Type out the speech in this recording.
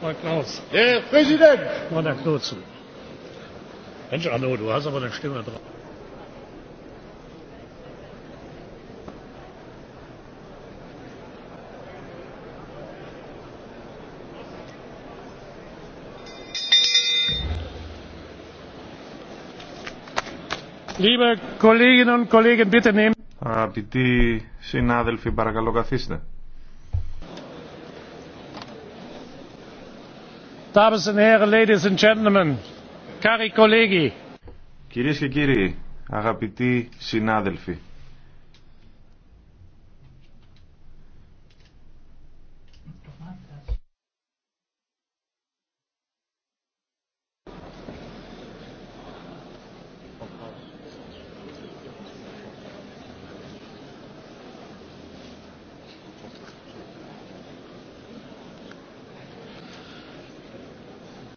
Herr Klaus. Herr Präsident! War Herr Knutzen. Mensch, Arno, du hast aber eine Stimme drauf. Liebe Kolleginnen und Kollegen, bitte nehmen. Αγαπητοί συνάδελφοι, παρακαλώ καθίστε. Κυρίες και κύριοι, αγαπητοί συνάδελφοι.